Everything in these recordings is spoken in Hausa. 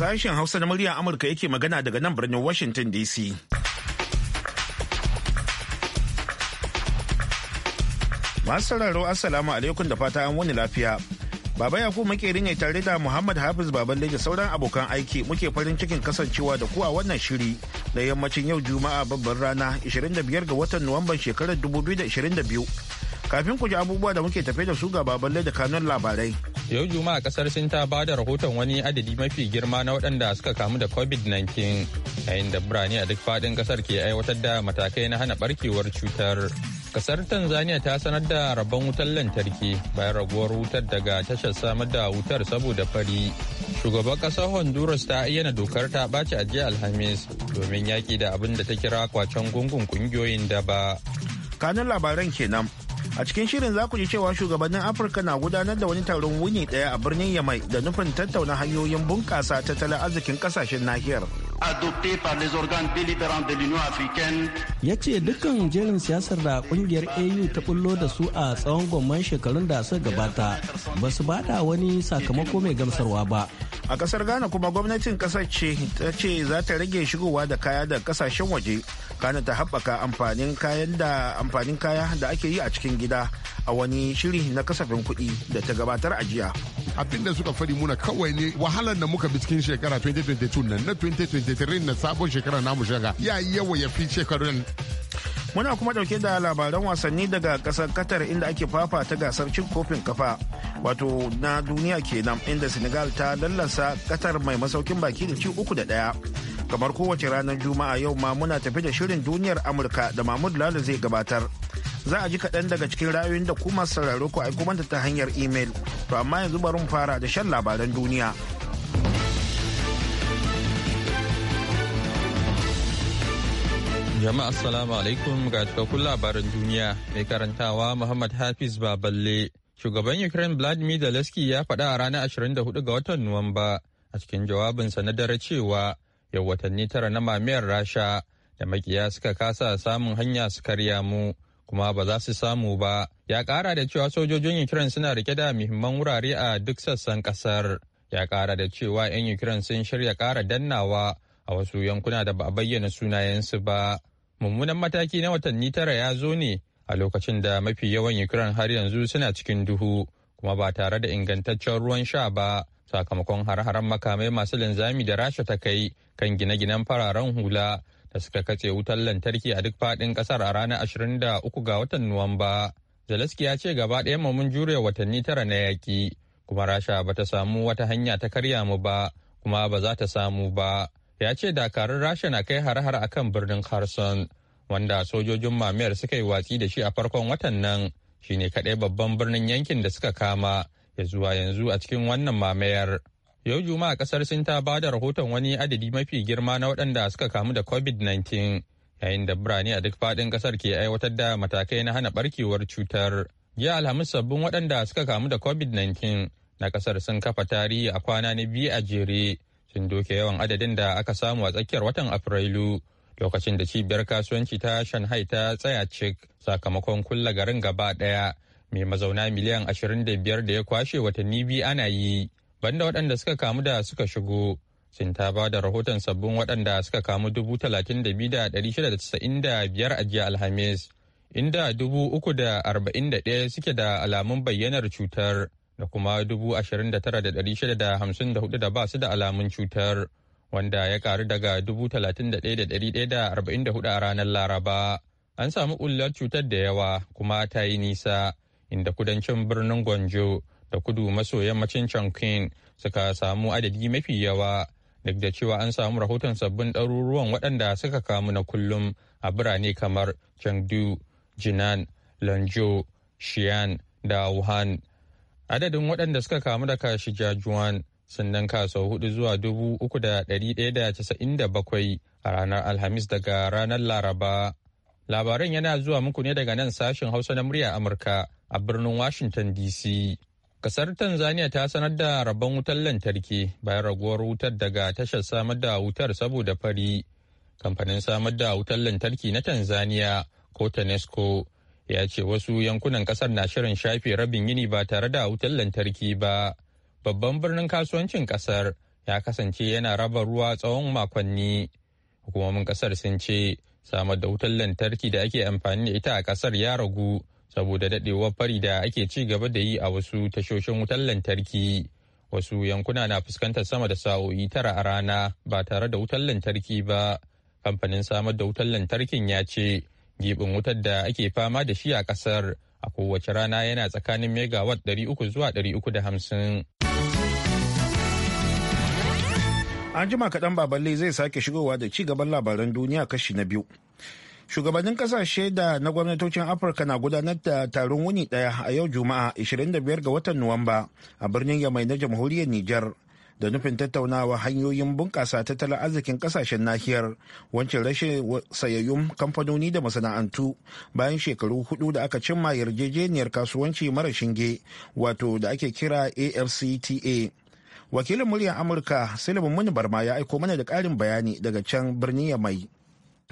Sashen Hausa na murya Amurka yake magana daga nan birnin Washington DC. Masu sauraro Assalamu alaikum da fata an wani lafiya. Baba Yakubu muke ne tare da Muhammad Hafiz Baban da sauran abokan aiki muke farin cikin kasancewa da kuwa wannan shiri da yammacin yau Juma'a babban rana 25 ga watan Nuwamban shekarar 2022. Kafin ku ji abubuwa da muke tafe da su ga Baballe da kanun labarai. Yau Juma'a kasar Sin ta ba da rahoton wani adadi mafi girma na waɗanda suka kamu da COVID-19 yayin da birane a duk faɗin kasar ke aiwatar da matakai na hana barkewar cutar. Kasar Tanzania ta sanar da rabon wutar lantarki bayan raguwar wutar daga tashar samar da wutar saboda fari. Shugaban kasar Honduras ta ayyana dokar ta ɓaci a jiya Alhamis domin yaƙi da abin da ta kira kwacen gungun ƙungiyoyin daba. ba. Kanin labaran kenan A cikin shirin za ku ji cewa shugabannin Afirka na gudanar da wani taron wuni ɗaya a birnin Yamai da nufin tattauna hanyoyin bunƙasa tattalin arzikin kasashen nahiyar. adopté par les organes délibérants de l'Union africaine. Ya ce dukkan jerin siyasar da kungiyar AU ta bullo da su a tsawon gwamman shekarun da suka gabata ba su ba da wani sakamako mai gamsarwa ba. A kasar Ghana kuma gwamnatin kasar ce ta ce za ta rage shigowa da kaya da kasashen waje kana ta haɓaka amfanin kayan da amfanin kaya da ake yi a cikin gida a wani shiri na kasafin kuɗi da ta gabatar a jiya. abin da suka faɗi muna kawai ne wahalar da muka bi cikin shekara 2022 nan na 2023 na sabon shekara namu shaka ya yawa ya fi shekarun Muna kuma dauke da labaran wasanni daga kasar Qatar inda ake fafa ta gasar cin kofin kafa. Wato na duniya kenan inda Senegal ta lallasa Qatar mai masaukin baki da ci uku da ɗaya. kamar kowace ranar juma'a yau ma muna tafi da shirin duniyar amurka da mahmud lalu zai gabatar za a ji kaɗan daga cikin ra'ayoyin da kuma sauraro ku aiko manta ta hanyar imel to amma yanzu bari mu fara da shan labaran duniya jama'a assalamu alaikum ga cikakkun labaran duniya mai karantawa muhammad hafiz baballe shugaban ukraine vladimir zelensky ya faɗa a ranar 24 ga watan nuwamba a cikin jawabinsa na dare cewa yau watanni tara na mamiyar rasha da makiya suka kasa samun hanya su karya mu kuma ba za su samu ba ya kara da cewa sojojin ukraine suna rike da muhimman wurare a duk sassan kasar ya kara da cewa 'yan ukraine sun shirya kara dannawa a wasu yankuna da ba a bayyana sunayensu ba mummunan mataki na watanni tara ya zo ne a lokacin da mafi yawan ukraine har yanzu suna cikin duhu kuma ba tare da ingantaccen ruwan sha ba sakamakon har-haren makamai masu linzami da rasha ta kai kan gine-ginen fararen hula da suka katse wutar lantarki a duk faɗin ƙasar a ranar 23 ga watan Nuwamba. Zelensky ya ce gaba ɗaya mun jure watanni tara na yaƙi, kuma Rasha ba ta samu wata hanya ta karya mu ba, kuma ba za ta samu ba. Ya ce dakarun Rasha na kai har-har a kan birnin harson wanda sojojin mamayar suka yi watsi da shi a farkon watan nan, shine kaɗai babban birnin yankin da suka kama ya zuwa yanzu a cikin wannan mamayar. Yau Juma'a kasar Sin ta ba da rahoton wani adadi mafi girma na waɗanda suka kamu da COVID-19 yayin da birane a duk faɗin ƙasar ke aiwatar da matakai na hana ɓarkewar cutar. Jiya Alhamis sabbin waɗanda suka kamu da COVID-19 na ƙasar sun kafa tarihi a kwana na biyu a jere sun doke yawan adadin da aka samu a tsakiyar watan Afrilu lokacin da cibiyar kasuwanci ta Shanghai ta tsaya cik sakamakon kulla garin gaba ɗaya mai mazauna miliyan 25 da ya kwashe watanni biyu ana yi banda waɗanda suka kamu da suka shigo sun ta ba da rahoton sabbin waɗanda suka kamu 32,695 a jiya alhamis inda 341 suke da alamun bayyanar cutar da kuma 29,654 da ba su da alamun cutar wanda ya karu daga 31,144 a ranar laraba an samu ƙullar cutar da yawa kuma ta yi nisa inda kudancin birnin Gwanjo da kudu maso yammacin Chongqing suka samu adadi mafi yawa duk da cewa an samu rahoton sabbin ɗaruruwan waɗanda suka kamu na kullum a birane kamar Chengdu, Jinan, Lanzhou, Xi'an da Wuhan. Adadin waɗanda suka kamu da kashi jajuwan sun ninka sau hudu zuwa dubu uku da ɗari ɗaya da casa'in da bakwai a ranar Alhamis daga ranar Laraba. Labaran yana zuwa muku ne daga nan sashen Hausa na murya Amurka a birnin Washington DC. Kasar Tanzania ta sanar da rabon wutar lantarki bayan raguwar wutar daga tashar samar da wutar saboda fari. Kamfanin samar da wutar lantarki na Tanzania ko Tanesco ya ce wasu yankunan kasar na shirin shafe rabin yini ba tare da wutar lantarki ba. Babban birnin kasuwancin kasar ya kasance yana raba ruwa tsawon makonni. Hukumomin kasar sun ce samar da wutar lantarki da ake amfani da ita a kasar ya ragu saboda daɗewar fari da ake ci gaba da yi a wasu tashoshin wutar lantarki wasu yankuna na fuskantar sama da sa'o'i tara a rana ba tare da wutar lantarki ba kamfanin samar da wutar lantarkin ya ce gibin wutar da ake fama da shi a ƙasar a kowace rana yana tsakanin megawatt 300 zuwa 350 an jima kaɗan baballe zai sake shigowa da ci gaban labaran duniya kashi na biyu shugabannin kasashe da na gwamnatocin afirka na gudanar da taron wuni daya a yau juma'a 25 ga watan nuwamba a birnin yamai na jamhuriyar ni'jar da nufin tattaunawa hanyoyin bunƙasa tattalin arzikin kasashen nahiyar wancan rashin sayayyun kamfanoni da masana'antu bayan shekaru hudu da aka cimma yarjejeniyar kasuwanci mara shinge wato da ake kira afcta wakilin muryar amurka silimin muni barma ya aiko mana da ƙarin bayani daga can birnin yamai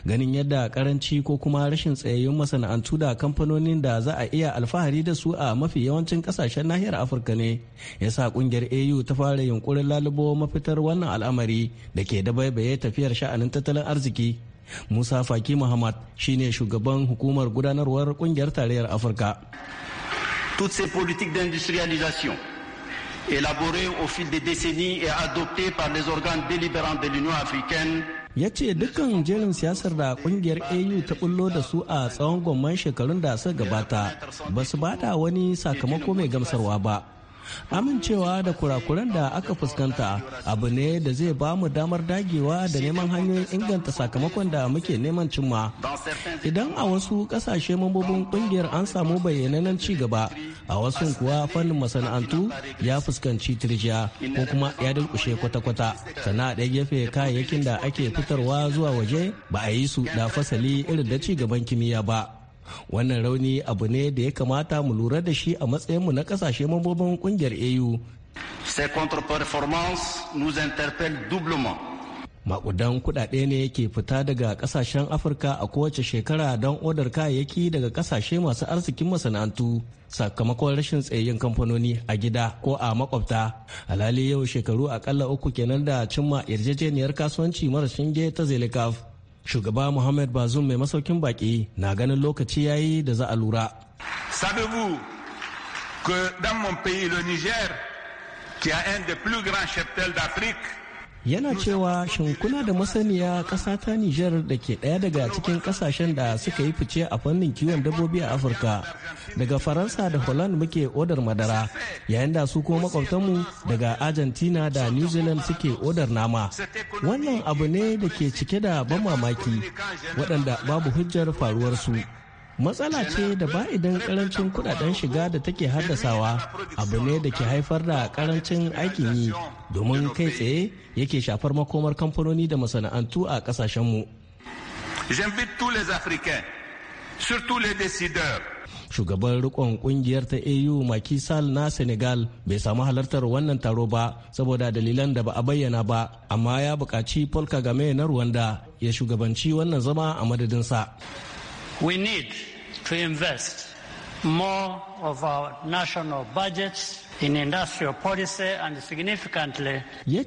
ganin yadda karanci ko kuma rashin tsayayyun masana'antu da kamfanonin da za a iya alfahari da su a mafi yawancin kasashen nahiyar afirka ne ya sa kungiyar au ta fara yunkurin lalubo mafitar wannan al'amari da ke da dabaibaye tafiyar sha'anin tattalin arziki musa faki muhammad shine shugaban hukumar gudanarwar kungiyar tarayyar afirka toutes au fil des décennies et adopté par les organes délibérants de l'Union africaine ya ce dukkan jerin siyasar da kungiyar au ta bullo da su a tsawon gwamman shekarun da suka gabata ba su bada wani sakamako mai gamsarwa ba amincewa da kurakuran da aka fuskanta abu ne da zai ba mu damar dagewa da neman hanyoyin inganta sakamakon da muke neman cimma idan a wasu kasashe mambobin kungiyar an samu bayyananan ci gaba a wasu kuwa fannin masana'antu ya fuskanci tirjiya ko kuma ya dulkushe kwata-kwata sana a ɗaya gefe kayayyakin da ake fitarwa zuwa waje ba a yi su da fasali irin da ci gaban kimiyya ba wannan rauni abu ne da ya kamata mu lura da shi a matsayinmu na kasashe mambobin kungiyar au ces contre-performances nous interpellent doublement makudan kudade ne ke fita daga kasashen afirka a kowace shekara don odar kayayyaki daga kasashe masu arzikin masana'antu sakamakon rashin tsayayyen kamfanoni a gida ko a makwabta alhali yau shekaru akalla uku kenan da cimma yarjejeniyar kasuwanci mara shinge ta zelikaf shugaba muhammad bazum mai masaukin baki na ganin lokaci yayi da za a lura savez-vous que dans mon pays le niger qui a un des plus grands cheptels d'afrique yana cewa shinkuna da masaniya ƙasa ta Nijar da ke ɗaya daga cikin kasashen da suka yi fice a fannin kiwon dabbobi a Afirka. Daga Faransa da Holland muke odar madara, yayin da su kuma makwabtanmu daga Argentina da New Zealand suke odar nama. Wannan abu ne da ke cike da ban mamaki, waɗanda babu hujjar faruwarsu. matsala ce da ba idan karancin kudaden shiga da take haddasawa abu ne da ke haifar da karancin aikin yi domin kai tsaye yake shafar makomar kamfanoni da masana'antu a kasashenmu. Shugaban rikon kungiyar ta AU makisal na Senegal bai samu halartar wannan taro ba saboda dalilan da ba a bayyana ba, amma ya bukaci Paul Kagame na Rwanda ya shugabanci wannan zama a madadinsa. We need to invest more of our national budgets in industrial policy and significantly. Ya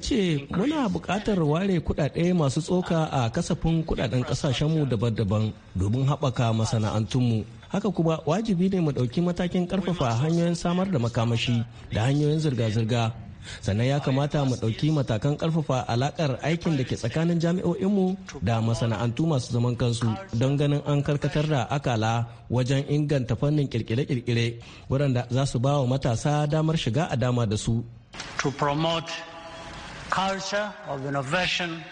muna buƙatar ware kuɗaɗe masu tsoka a kasafin kuɗaɗen ƙasashenmu daban-daban domin haɓaka masana'antunmu. Haka kuma wajibi ne mu ɗauki matakin ƙarfafa hanyoyin samar da makamashi da hanyoyin zirga-zirga sannan ya kamata mu ɗauki matakan ƙarfafa alaƙar aikin da ke tsakanin jami'o'inmu da masana'antu masu zaman kansu don ganin an karkatar da akala wajen inganta fannin kirkire-kirkire wadanda za su ba matasa damar shiga a dama da su. To promote culture of innovation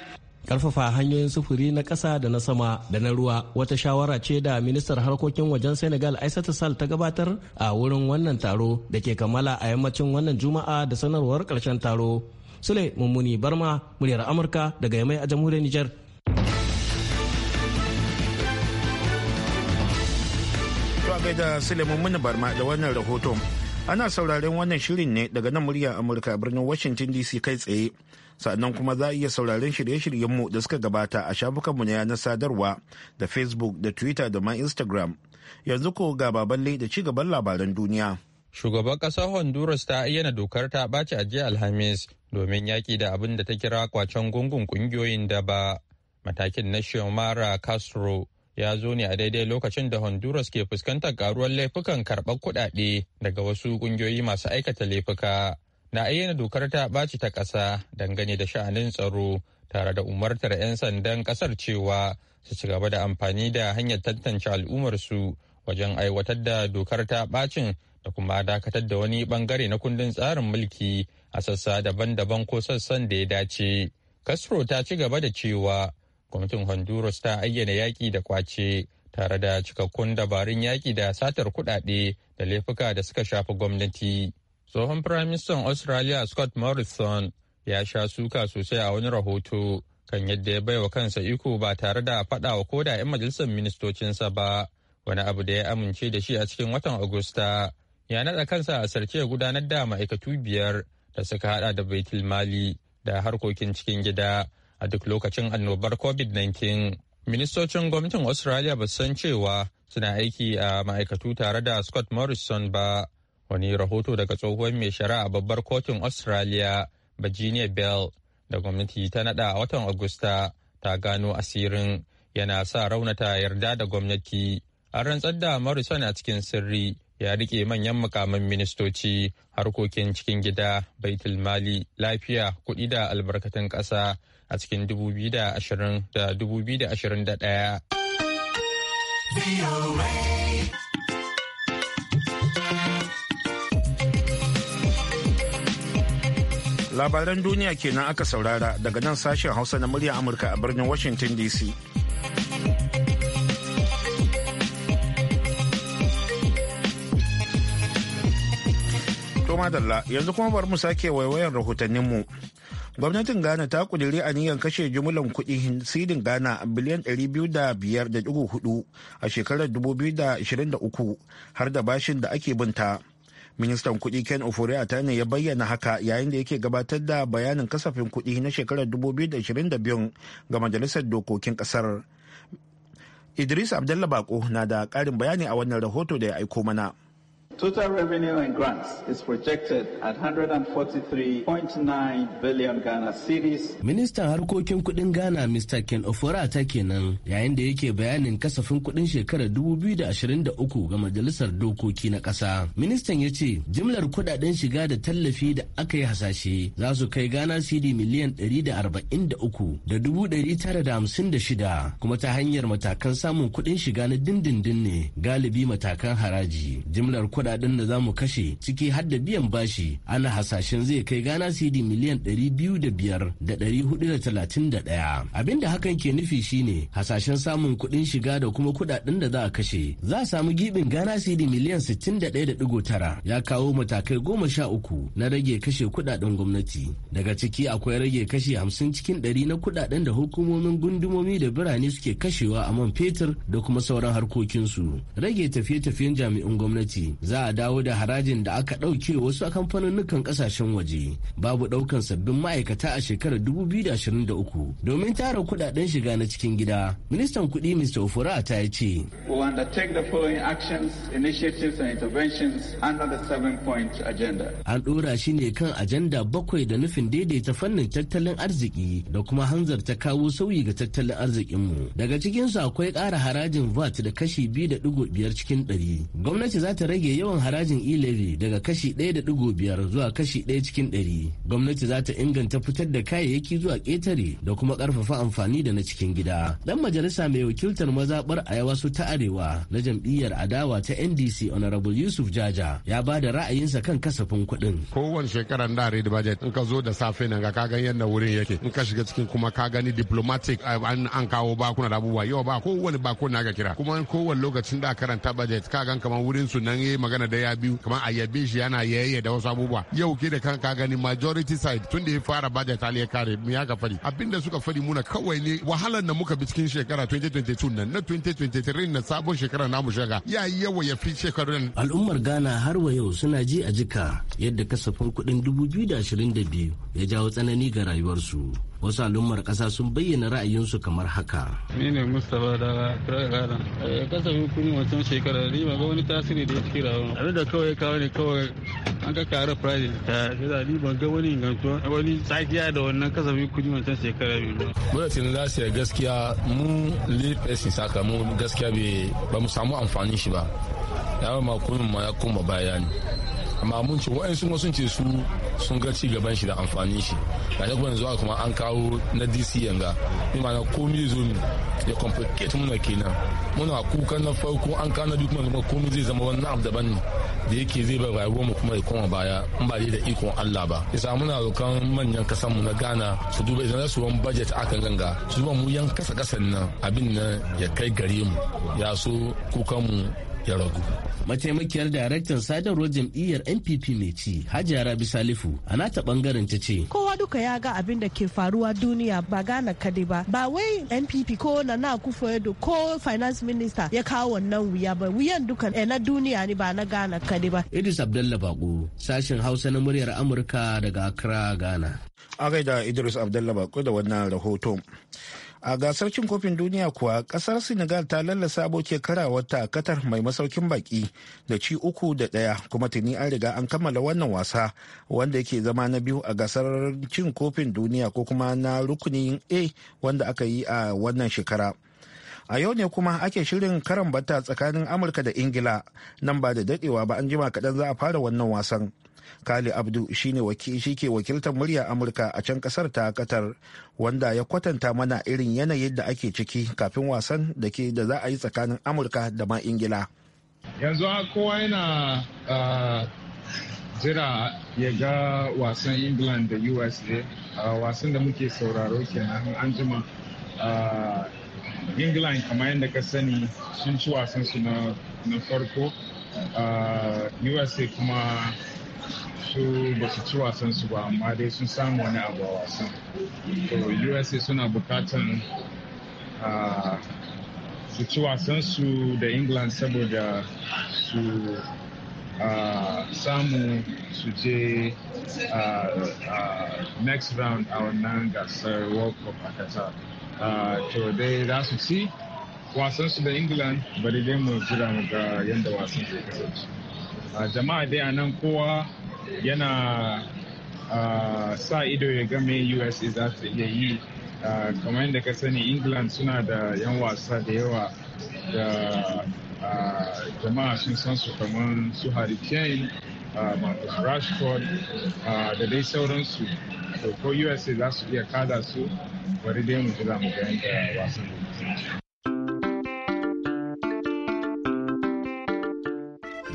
Karfafa hanyoyin sufuri na ƙasa da na sama da na ruwa wata shawara ce da ministar harkokin wajen Senegal aisata sal ta gabatar a wurin wannan taro da ke kammala a yammacin wannan Juma'a da sanarwar karshen taro. Sule Mummuni Barma, muryar Amurka daga Yamai a jamhuriyar Nijar. To Sule Mummuni Barma da wannan rahoton Ana sauraren wannan shirin ne daga nan murya Amurka birnin Washington DC kai tsaye. Sannan kuma za a iya sauraren shirye-shiryenmu da suka gabata a shafukanmu na yanar sadarwa da Facebook da Twitter da ma Instagram. Yanzu ko ga baballe da ci gaban labaran duniya. Shugaban ƙasar Honduras ta ayyana dokar ta ɓaci a jiya Alhamis domin yaƙi da abin da ta kira kwacen gungun ƙungiyoyin da ba matakin na Xiomara Castro ya zo ne a daidai lokacin da honduras ke fuskantar karuwar laifukan karɓar kuɗaɗe daga wasu ƙungiyoyi masu aikata laifuka na ayyana dokar ta ɓaci ta ƙasa dangane da sha'anin tsaro tare da umartar 'yan sandan ƙasar cewa su ci gaba da amfani da hanyar tantance al'ummar su wajen aiwatar da dokar ta ɓacin da kuma dakatar da wani ɓangare na kundin tsarin mulki a sassa daban-daban ko sassan da ya dace. Castro ta ci gaba da cewa gwamnatin honduras ta ayyana yaƙi da kwace tare da cikakkun dabarun yaƙi da satar kuɗaɗe da laifuka da suka shafi gwamnati tsohon firaministan australia scott morrison ya sha suka sosai a wani rahoto kan yadda ya baiwa kansa iko ba tare da faɗa wa koda 'yan majalisar ministocinsa ba wani abu da ya amince da shi a cikin watan agusta ya naɗa kansa a sarki gudanar da ma'aikatu biyar da suka haɗa da baitul mali da harkokin cikin gida a duk lokacin annobar covid-19 ministocin gwamnatin australia ba san cewa suna aiki a ma'aikatu tare da scott morrison ba wani rahoto daga tsohuwar mai shari'a babbar kotun australia virginia bell da gwamnati ta nada a watan agusta ta gano asirin yana sa raunata yarda da gwamnati an rantsar da morrison a cikin sirri ya rike manyan makaman ministoci harkokin cikin gida baitul mali lafiya kuɗi da albarkatun ƙasa a cikin 2020 da 2021 labaran duniya kenan aka saurara daga nan sashen hausa na murya amurka a birnin washington dc madalla yanzu kuma bari mu sake waiwayan rahotanninmu. Gwamnatin Ghana ta kudiri niyyar kashe jumlan kuɗi sidin Ghana biliyan 205.4 a shekarar 2023 har da bashin da ake binta. Ministan kuɗi Ken Ofori ne ya bayyana haka yayin da yake gabatar da bayanin kasafin kuɗi na shekarar 2022 ga Majalisar Dokokin kasar Idris abdullahi Bako na da ƙarin bayani a wannan rahoto da ya aiko mana. Total revenue and grants is projected at 143.9 billion Ghana cedis. Ministan harkokin kudin Ghana Mr. Ken Oforata kenan yayin da yake bayanin kasafin kudin shekarar 2023 ga Majalisar Dokoki na kasa. Ministan ya ce jimlar kudaden shiga da tallafi da aka yi hasashe za su kai Ghana cedis miliyan da shida kuma ta hanyar matakan samun kudin shiga na dindindin ne galibi matakan haraji. Jimlar kudaden kudaden da zamu kashe ciki har da biyan bashi ana hasashen zai kai gana cd miliyan 205,431. Abin da hakan ke nufi shine hasashen samun kuɗin shiga da kuma kudaden da za a kashe. Za a samu gibin gana cd miliyan 61.9 ya kawo matakai goma sha uku na rage kashe kudaden gwamnati. Daga ciki akwai rage kashe hamsin cikin ɗari na kudaden da hukumomin gundumomi da birane suke kashewa a man fetur da kuma sauran harkokinsu. Rage tafiye-tafiyen jami'in gwamnati za a dawo da harajin da aka ɗauke wasu kamfanonukan ƙasashen waje babu ɗaukan sabbin ma'aikata a shekarar 2023 domin tara kuɗaɗen shiga na cikin gida ministan kuɗi mr ofura ta ya ce an ɗora shi ne kan ajanda bakwai da nufin daidaita fannin tattalin arziki da kuma Hanzar ta kawo sauyi ga tattalin arzikinmu daga cikinsu akwai ƙara harajin vat da kashi 2.5 cikin 100 gwamnati za ta rage yawan harajin e-levy daga kashi 1.5 zuwa kashi 1 cikin 100 gwamnati za ta inganta fitar da kayayyaki zuwa ƙetare da kuma ƙarfafa amfani da na cikin gida dan majalisa mai wakiltar mazaɓar ayawa su ta arewa na jam'iyyar adawa ta ndc honorable yusuf jaja ya ba da ra'ayinsa kan kasafin kuɗin kowane shekarar da da budget in ka zo da safe nan ka gan yadda wurin yake in ka shiga cikin kuma ka gani diplomatic eh, an kawo bakuna da abubuwa yau ba kowane bakuna ga kira kuma kowane lokacin da karanta budget ka gan kamar wurin su nan yayi eh, magana da ya biyu kamar a shi yana yayye da wasu abubuwa yau ke da kanka gani majority side tun da ya fara ba ta ya kare mu ya ka fari abinda suka fari muna kawai ne wahalar da muka bi cikin shekara 2022 nan na 2023 na sabon shekara namu shaga ya yi yawa ya fi shekarun al'ummar Ghana har wa yau suna ji a jika yadda kasafin kuɗin 2022 ya jawo tsanani ga rayuwarsu wasu al'ummar ƙasa sun bayyana ra'ayinsu kamar haka. Ni ne Mustapha da Ragana. Eh, kasafin kuni wancan shekara ni ba ga wani tasiri da ya ci rawa. Abin da kawai kawo ne kawai an ka kare price ta yasa ni ban ga wani ingantuwa wani tsakiya da wannan kasafin kuni wancan shekara biyu ba. Gwamnatin lasiya gaskiya mu lefesi saka mu gaskiya ba mu samu amfani shi ba. yawon ma kunin ma ya kuma baya amma mun ce wa'ansu sun ce su sun ga ci gaban shi da amfani shi da ta kuma yanzu kuma an kawo na dc yanga ni maana komi zo ya complicate muna kenan muna kukan na farko an kawo na duk kuma komi zai zama wani abu daban ne da yake zai bar rayuwar mu kuma ya koma baya in ba da ikon Allah ba yasa muna rokan manyan kasan mu na Ghana su duba idan su wani budget akan ganga su duba mu yan kasa kasan nan abin nan ya kai gare mu ya so kukan mu ya ragu mataimakiyar daraktan sadarwar jam'iyyar npp mai ci hajiya rabi salifu a nata bangaren ta ce kowa duka ya ga abin da ke faruwa duniya ba gana kade ba ba wai npp ko na na yadda ko finance minister ya kawo wannan wuya ba wuyan duka eh, na duniya ne ba na gana kade ba idris abdalla bako sashen hausa na muryar amurka daga accra ghana a gaida idris abdalla bako da wannan rahoton a gasar cin kofin duniya kuwa kasar senegal ta lallasa kara wata katar mai masaukin baki da ci uku da daya kuma tuni an riga an kammala wannan wasa wanda yake zama na biyu a gasar cin kofin duniya ko kuma na rukunin a wanda aka yi a wannan shekara a yau ne kuma ake shirin karan bata tsakanin amurka da ingila nan ba da dadewa ba an jima kaɗan za a fara wannan wasan kali abdu shi shi ke wakiltar murya amurka a can kasar ta katar wanda ya kwatanta mana irin yanayin da ake ciki kafin wasan da ke da za a yi tsakanin amurka da ma ingila yanzu kowa yana jira ya ga wasan england da us ne wasan da muke sauraro kenan an jima england kamar yadda ka sani sun ci wasan su na farko usa kuma su ba su ci wasan su ba amma dai sun samu wani abu a wasan to usa suna bukatan su ci wasan su da england saboda su samu su je next round a wannan gasar world cup a qatar to dai za su ci wasan su da england bari dai mu jira mu ga yadda wasan zai kasance jama'a dai a nan kowa yana ah, sa ido ya game usa za ta iya yi ah, kamar yadda ka sani england suna da 'yan wasa da yawa da ah, jama'a sun san su kamar su harry kane marcus rashford da dai sauransu ko usa za su iya kada su bari dai mu jira mu ga yadda wasan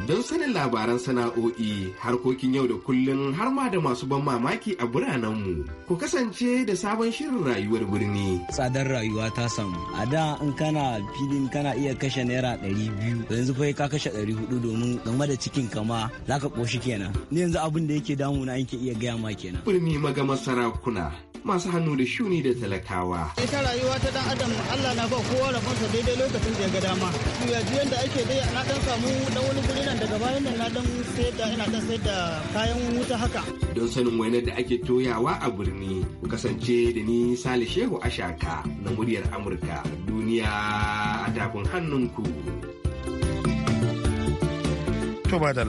don sanin labaran sana'o'i harkokin yau da kullun har ma da masu ban mamaki a biranenmu. Ku kasance da sabon shirin rayuwar birni. Tsadar rayuwa ta samu. A da in kana filin kana iya kashe naira ɗari biyu yanzu fa ka kashe ɗari hudu domin game da cikin kama za ka ƙoshi kenan. Ni yanzu abin da yake damu na yake iya gaya ma kenan. Birni magama sarakuna masu hannu da shuni da talakawa. Ita rayuwa ta dan adam Allah na ba kowa rabonsa daidai lokacin da ya ga dama. Yaji da ake dai na dan samu dan wani guri nan daga bayan nan na dan sayar da ina dan sayar da kayan wuta haka. Don sanin wainar da ake toyawa a birni ku kasance da ni Salih Shehu Ashaka na muryar Amurka duniya a tafin hannunku. To ba da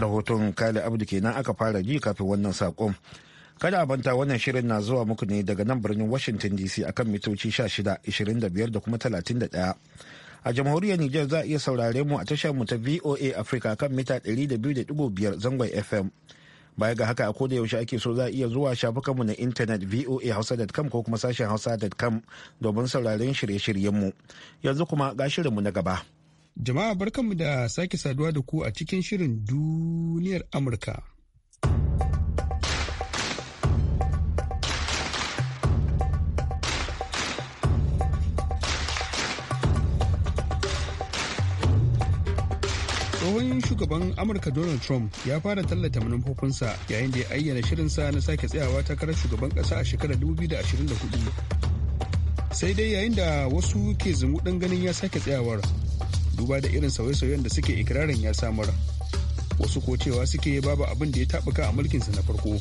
rahoton Kale Abdu kenan aka fara ji kafin wannan saƙon. Kada a banta wannan shirin na zuwa muku ne daga nan birnin Washington DC akan mitoci 16, 25 da kuma 31. a jamhuriyar Nijar za a iya saurare mu a tashar mu ta VOA Africa kan mita 200.5 zangon FM. Baya ga haka a koda yaushe ake so za a iya zuwa shafukan mu na intanet voa hausa.com ko kuma sashen hausa.com domin sauraren shirye-shiryen mu. Yanzu kuma ga shirin mu na gaba. Jama'a barkanmu da sake saduwa da ku a cikin shirin duniyar Amurka. tsohon shugaban amurka donald trump ya fara tallata manufofinsa yayin da ya ayyana shirinsa na sake tsayawa takarar shugaban kasa a shekarar 2024 sai dai yayin da wasu ke zumuɗin ganin ya sake tsayawar duba da irin sauye-sauyen da suke ikirarin ya samar wasu ko cewa suke babu abin da ya taɓuka a mulkinsa na farko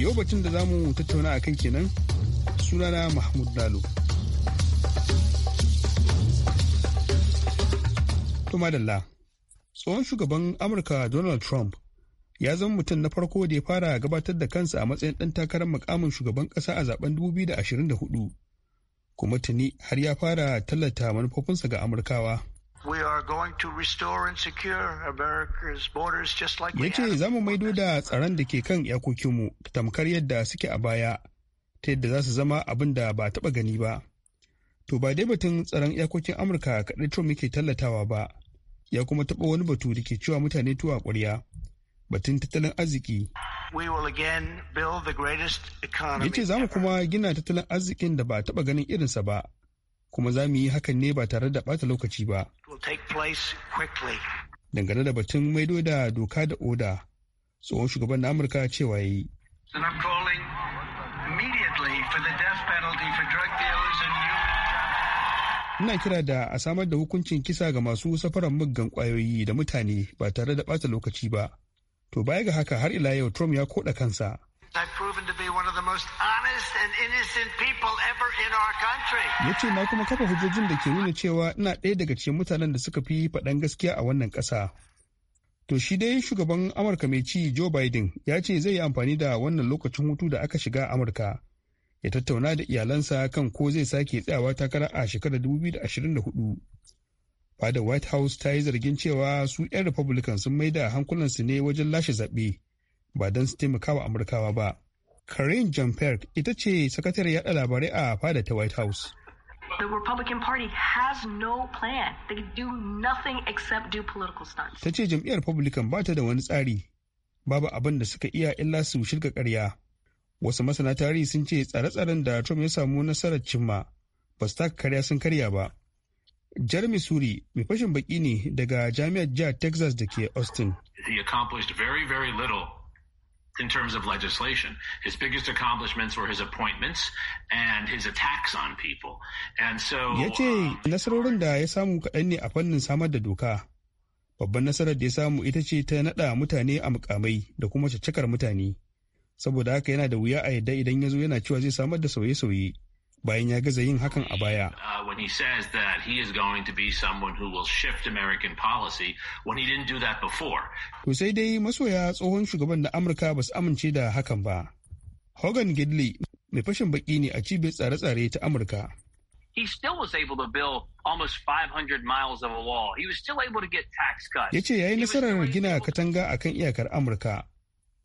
yau batun da zamu tattauna a kan kenan sunana mahmud lalo tumadalla tsohon shugaban amurka donald trump ya zama mutum na farko da ya fara gabatar da kansa a matsayin ɗan takarar mukamin shugaban ƙasa a zaben 2024 kuma tuni har ya fara tallata manufofinsa ga amurkawa ya ce za mu maido da tsaron da ke kan iyakokinmu tamkar yadda suke a baya ta yadda za su zama abin da ba taɓa gani ba to ba dai batun tsaron iyakokin amurka kaɗai trump yake tallatawa ba ya kuma taɓa wani batu da ke cewa mutane tuwa ƙwarya batun tattalin arziki. Ya ce za mu kuma gina tattalin arzikin da ba a taɓa ganin irinsa ba, kuma za mu yi hakan ne ba tare da bata lokaci ba. Dangane da batun maido da doka da oda, tsohon shugaban na Amurka cewa ya yi. ina kira da a samar da hukuncin kisa ga masu safarar muggan kwayoyi da mutane ba tare da ɓata lokaci ba to baya ga haka har ila yau trump ya koda kansa ya ce na kuma kafa hujjojin da ke nuna cewa ina ɗaya daga cikin mutanen da suka fi faɗan gaskiya a wannan ƙasa to shi dai shugaban amurka mai ci joe biden ya ce zai yi amfani da wannan lokacin hutu da aka shiga amurka ya tattauna da iyalansa kan ko zai sake tsayawa takara a shekarar 2024. fada White House ta yi zargin cewa su 'yan Republican sun da hankulansu ne wajen lashe zaɓe ba don su taimakawa Amurkawa ba. Karine Jean-Pierre ita ce sakatare yaɗa labarai a fada ta White House. The Republican Party has no plan. They do nothing except do political stunts. Ta ce jam'iyyar Republican ba ta da wani tsari, babu abin da suka iya illa su shirka ƙarya. wasu masana tarihi sun ce tsare-tsaren da trump ya samu nasarar cimma ba su taka karya sun karya ba jeremy suri mai fashin baki ne daga jami'ar jihar texas da ke austin he accomplished very very little in terms of legislation. His biggest accomplishments were his appointments and his attacks on people. And so ya ce um, nasarorin da ya samu kaɗan ne a fannin samar da doka. Babban nasarar da ya samu ita ce ta naɗa mutane a mukamai da kuma caccakar mutane. saboda haka yana da wuya a yadda idan ya zo yana cewa zai samar da sauye-sauye bayan ya gaza yin hakan a baya. To sai dai masoya tsohon shugaban na Amurka ba su amince da hakan ba. Hogan Gidley mai fashin baki ne a cibiyar tsare-tsare ta Amurka. He still was able to build almost 500 miles of a wall. He was still able to get tax cuts. Ya ce ya yi nasarar gina katanga akan iyakar Amurka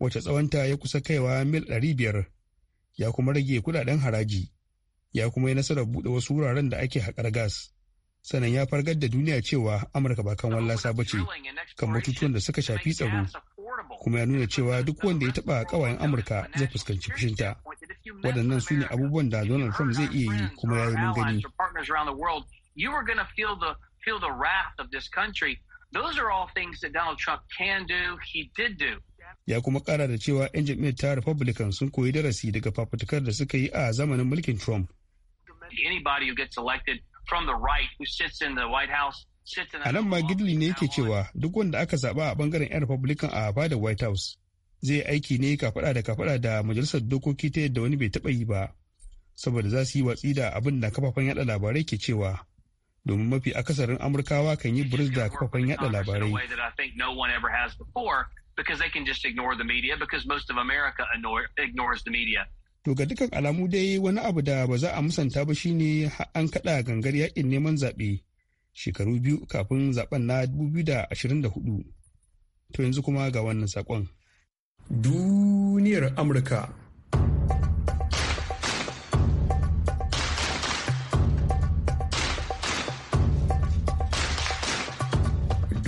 wacce tsawonta ya kusa kaiwa mil biyar. ya kuma rage kudaden haraji ya kuma yi nasarar buɗe wasu wuraren da ake haƙar gas sannan ya fargar da duniya cewa amurka ba kan wallasa ba ce kan batutuwan da suka shafi tsaro kuma ya nuna cewa duk wanda ya taɓa ƙawayen amurka zai fuskanci fushinta waɗannan su ne abubuwan da donald trump zai iya yi kuma ya yi mun gani Those are all things that Donald Trump can do, he did do. ya kuma kara da cewa 'yan jam'iyyar ta republican sun koyi darasi daga fafutukar da suka yi a zamanin mulkin trump a nan ma gidli ne yake cewa duk wanda aka zaba a bangaren 'yan republican a fadar white house zai aiki ne kafaɗa da kafaɗa da majalisar dokoki ta yadda wani bai taɓa yi ba saboda za su yi watsi da abin da kafafen yada labarai ke cewa domin mafi akasarin amurkawa kan yi buris da kafafen yada labarai because they can just ignore the media because most of America ignores the media. To ga dukkan alamu dai wani abu da ba za a musanta ba shine an kaɗa gangar yakin neman zaɓe shekaru biyu kafin zaben na 2024. To yanzu kuma ga wannan saƙon. Duniyar Amurka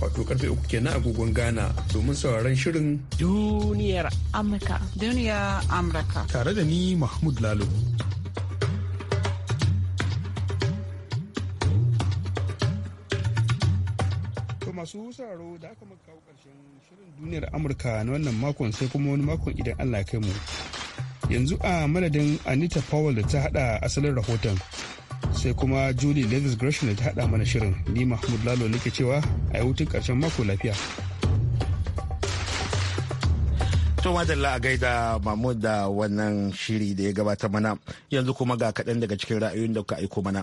wato karfe uku kenan agogon Ghana domin sauraron shirin duniyar Amurka. Duniyar Amurka. Tare da ni Mahmud Lalo. masu sauraro da aka kawo karshen shirin duniyar amurka na wannan makon sai kuma wani makon idan allah kai mu yanzu a madadin anita powell da ta hada asalin rahoton sai kuma julie levis gresham ta hada mana shirin ni mahmud lalo nake cewa a yi hutun karshen mako lafiya To madalla a gaida Mahmud da wannan shiri da ya gabata mana yanzu kuma ga kaɗan daga cikin ra'ayoyin da kuka aiko mana.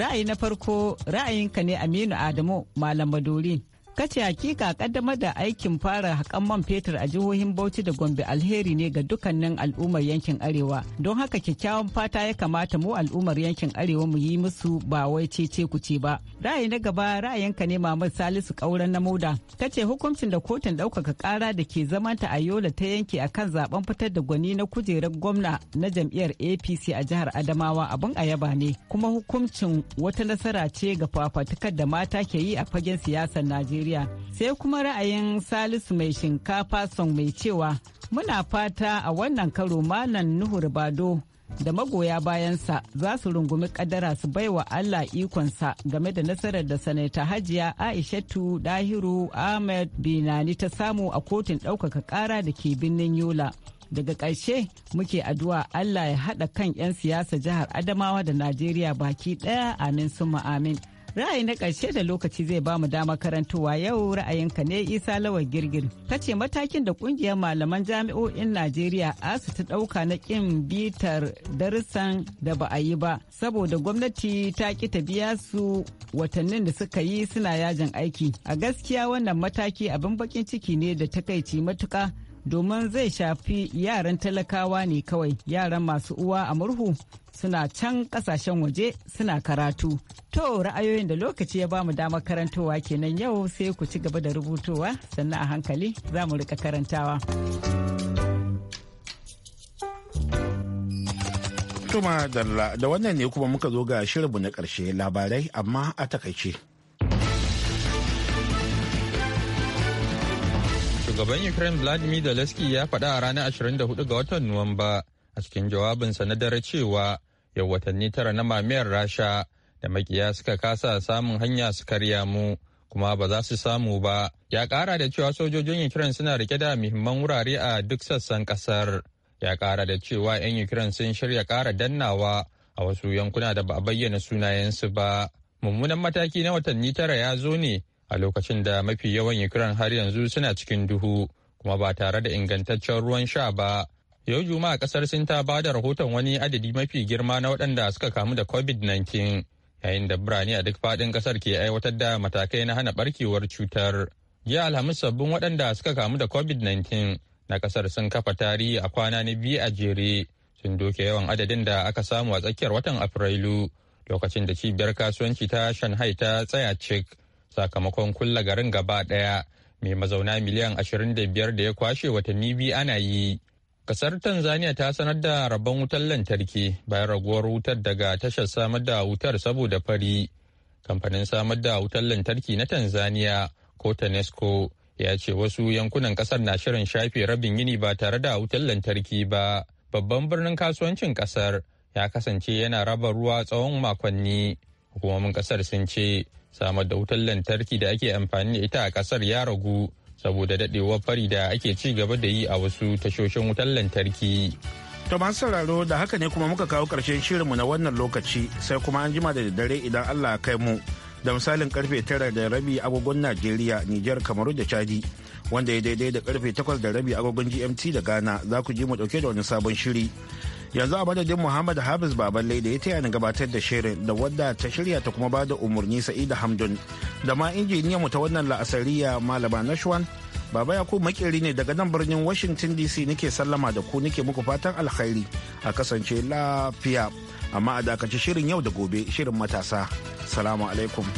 Ra'ayi na farko ra'ayinka ne Aminu Adamu Malam Maduri. kace hakika kaddamar da aikin fara hakan man fetur a jihohin bauchi da gombe alheri ne ga dukkanin al'ummar yankin arewa don haka kyakkyawan fata ya kamata mu al'ummar yankin arewa mu yi musu ba wai cece ce ba ra'ayi na gaba ra'ayinka ne mamad salisu kauran na mauda kace hukuncin da kotun ɗaukaka kara da ke zamanta a yola ta yanke akan zaben fitar da gwani na kujerar gwamna na jam'iyyar apc a jihar adamawa abin ayaba ne kuma hukuncin wata nasara ce ga fafatukar da mata ke yi a fagen siyasar najeriya Najeriya. Sai kuma ra'ayin Salisu mai shinkafa son mai cewa muna fata a wannan karo Malam Nuhu Bado da magoya bayansa za su rungumi kadara su baiwa Allah ikonsa game da nasarar da sanata hajiya Aishatu Dahiru Ahmed Binani ta samu a kotun ɗaukaka ƙara da ke birnin Yola. Daga ƙarshe muke addu'a Allah ya haɗa kan 'yan siyasa jihar Adamawa da Najeriya baki ɗaya amin suma amin. ra'ayi na ƙarshe da lokaci zai ba mu dama karantowa yau ra'ayinka ne isa lawar girgir ta ce matakin da kungiyar malaman jami'o'in najeriya asu ta ɗauka na ƙin bitar darussan da ba a yi ba saboda gwamnati ta ƙi ta biya su watannin da suka yi suna yajin aiki a gaskiya wannan mataki abin bakin ciki ne da takaici matuka domin zai shafi yaran talakawa ne kawai yaran masu uwa a murhu suna can kasashen waje suna karatu. To ra'ayoyin da lokaci ya bamu damar karantowa kenan yau sai ku ci gaba da rubutowa sannan a hankali za mu rika karantawa. Tuma dalla da wannan ne kuma muka zo ga shirinmu na ƙarshe labarai amma a takaice. Shugaban Ukraine Vladimir Zelensky ya faɗa a ranar 24 ga watan Nuwamba a cikin jawabinsa na dare cewa da watanni tara na mamiyar rasha da makiya suka kasa samun hanya su karya mu kuma ba za su samu ba ya kara da cewa sojojin ukraine suna rike da muhimman wurare a duk sassan kasar ya kara da cewa 'yan ukraine sun shirya kara dannawa a wasu yankuna da ba a bayyana sunayensu ba mummunan mataki na watanni tara ya zo ne a lokacin da mafi yawan ukraine har yanzu suna cikin duhu kuma ba tare da ingantaccen ruwan sha ba Yau Juma'a kasar Sin ta ba da rahoton wani adadi mafi girma na waɗanda suka kamu da COVID-19 yayin da birane a duk faɗin kasar ke aiwatar da matakai na hana barkewar cutar. Jiya Alhamis sabbin waɗanda suka kamu da COVID-19 na kasar sun kafa tarihi a kwana na biyu a jere sun doke yawan adadin da aka samu a tsakiyar watan Afrilu lokacin da cibiyar kasuwanci ta Shanghai ta tsaya cik sakamakon kulla garin gaba ɗaya mai mazauna miliyan 25 da ya kwashe watanni biyu ana yi. Kasar Tanzania ta sanar da rabon wutar lantarki bayan raguwar wutar daga tashar samar da wutar saboda fari. Kamfanin samar da wutar lantarki na Tanzania ko Tanesco ya ce wasu yankunan kasar na shirin shafe rabin yini ba tare da wutar lantarki ba. Babban birnin kasuwancin kasar ya kasance yana raba ruwa tsawon makonni. Hukumomin kasar sun ce samar da wutar lantarki da ake amfani da ita a kasar ya ragu saboda dadewar fari da ake ci gaba da yi a wasu tashoshin wutar lantarki. To masu sauraro da haka ne kuma muka kawo ƙarshen shirinmu na wannan lokaci sai kuma an jima da daddare idan Allah kai mu da misalin karfe tara da rabi agogon Najeriya, Nijar, Kamaru da Chadi. Wanda ya daidai da karfe takwas da rabi agogon GMT da Ghana za ku ji mu dauke da wani sabon shiri. yanzu a madadin muhammad hafiz baballe laida ya taya ni gabatar da shirin da wadda ta shirya ta kuma bada umarni sa'ida hamdun da ma injiniya mu ta wannan la'asariya malama nashwan baba ku makeri ne daga nan birnin washington dc nake sallama da ku nake muku fatan alkhairi a kasance lafiya amma a dakaci shirin yau da gobe shirin matasa salamu alaikum